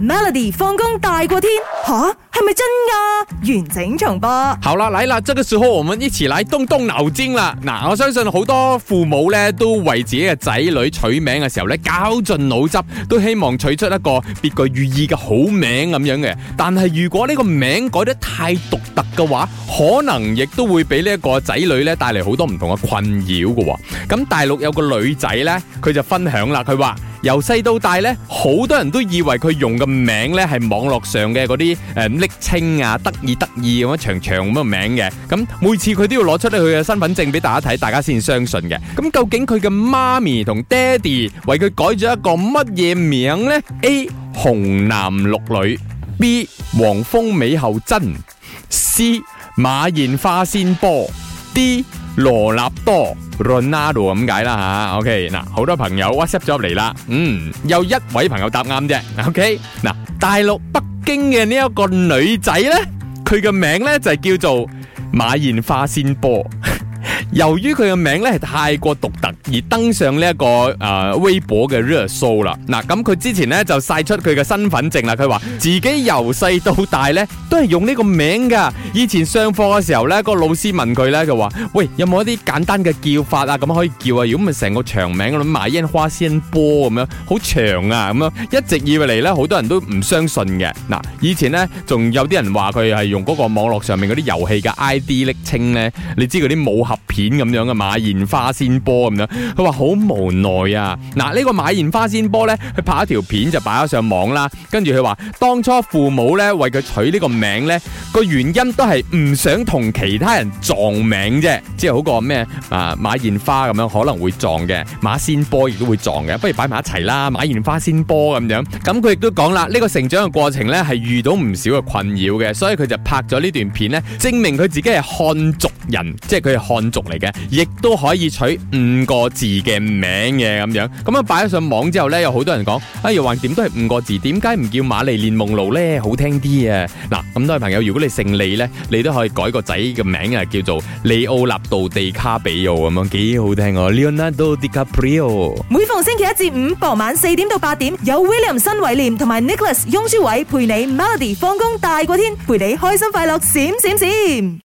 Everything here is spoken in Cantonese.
Melody 放工大過天吓，係咪真㗎？完整重播。好了，嚟啦，即、這個時候我們一起來動動腦筋啦。那、啊、我相信好多父母咧都為自己嘅仔女取名嘅時候咧絞盡腦汁，都希望取出一個別具寓意嘅好名咁樣嘅。但係如果呢個名改得太獨特嘅話，可能亦都會俾呢一個仔女咧帶嚟好多唔同嘅困擾嘅。咁大陸有個女仔咧，佢就分享啦，佢話。由細到大呢，好多人都以為佢用嘅名呢係網絡上嘅嗰啲誒昵稱啊，得意得意咁樣長長咁嘅名嘅。咁每次佢都要攞出嚟佢嘅身份證俾大家睇，大家先相信嘅。咁究竟佢嘅媽咪同爹哋為佢改咗一個乜嘢名呢？A. 紅男綠女，B. 黃蜂尾後針，C. 馬燕花仙波，D. 羅納多，Ronaldo 咁解啦吓 OK，嗱，好多朋友 WhatsApp 咗入嚟啦。嗯，有一位朋友答啱啫。OK，嗱，大陸北京嘅呢一個女仔咧，佢嘅名咧就係叫做馬燕花仙波。由於佢嘅名咧係太過獨特，而登上呢、這、一個誒、呃、微博嘅熱搜啦。嗱、啊，咁佢之前咧就晒出佢嘅身份證啦。佢話自己由細到大咧都係用呢個名㗎。以前上課嘅時候咧，個老師問佢咧，就話：喂，有冇一啲簡單嘅叫法啊？咁可以叫啊？如果唔係成個長名嗰度買煙花先波咁樣，好長啊咁樣，一直以嚟咧好多人都唔相信嘅。嗱、啊，以前咧仲有啲人話佢係用嗰個網絡上面嗰啲遊戲嘅 ID 暱稱咧，你知嗰啲武俠片。咁樣嘅馬燕花仙波咁樣，佢話好無奈啊！嗱、啊，呢、這個馬燕花仙波呢，佢拍咗條片就擺咗上網啦。跟住佢話當初父母呢，為佢取呢個名呢，個原因都係唔想同其他人撞名啫，即係好個咩啊馬燕花咁樣可能會撞嘅，馬仙波亦都會撞嘅，不如擺埋一齊啦，馬燕花仙波咁樣。咁佢亦都講啦，呢、這個成長嘅過程呢，係遇到唔少嘅困擾嘅，所以佢就拍咗呢段片呢，證明佢自己係漢族人，即係佢係漢族，嚟嘅，亦都可以取五個字嘅名嘅咁樣，咁啊擺咗上網之後咧，有好多人講，哎呀，橫掂都係五個字，點解唔叫瑪麗蓮夢露咧？好聽啲啊！嗱、啊，咁多位朋友，如果你姓李咧，你都可以改個仔嘅名啊，叫做利奧納道地卡比奧咁樣，幾好聽啊！Leonardo DiCaprio。每逢星期一至五傍晚四點到八點，有 William 新偉廉同埋 Nicholas 雍舒偉陪你 Melody 放工大過天，陪你開心快樂閃閃閃。閃閃閃閃